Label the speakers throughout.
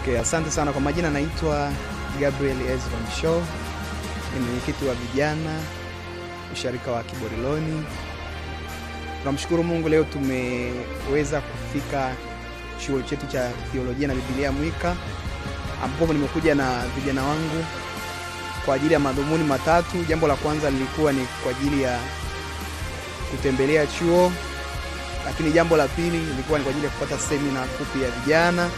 Speaker 1: Okay, asante sana kwa majina, naitwa Gabriel Ezra Msho, ni mwenyekiti wa vijana usharika wa Kiboriloni. Tunamshukuru Mungu, leo tumeweza kufika chuo chetu cha theolojia na Biblia Mwika, ambapo nimekuja na vijana wangu kwa ajili ya madhumuni matatu. Jambo la kwanza lilikuwa ni kwa ajili ya kutembelea chuo, lakini jambo la pili lilikuwa ni kwa ajili ya kupata semina fupi ya vijana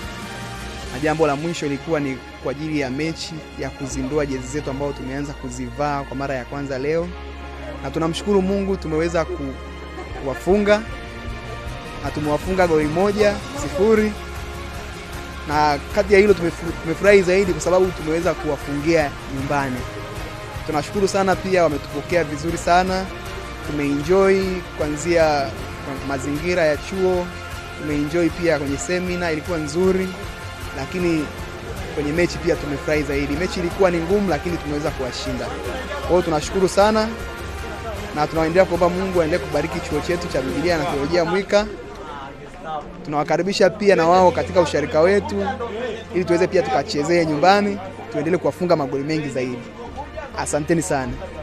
Speaker 1: na jambo la mwisho ilikuwa ni kwa ajili ya mechi ya kuzindua jezi zetu ambazo tumeanza kuzivaa kwa mara ya kwanza leo, na tunamshukuru Mungu tumeweza kuwafunga na tumewafunga goli moja sifuri, na kati ya hilo tumefurahi zaidi kwa sababu tumeweza kuwafungia nyumbani. Tunashukuru sana pia, wametupokea vizuri sana, tumeenjoy kuanzia mazingira ya chuo, tumeenjoy pia kwenye semina ilikuwa nzuri lakini kwenye mechi pia tumefurahi zaidi. Mechi ilikuwa ni ngumu, lakini tumeweza kuwashinda. Kwa hiyo tunashukuru sana na tunaendelea kuomba Mungu aendelee kubariki chuo chetu cha Biblia na Teolojia Mwika. Tunawakaribisha pia na wao katika usharika wetu ili tuweze pia tukachezee nyumbani, tuendelee kuwafunga magoli mengi zaidi. Asanteni sana.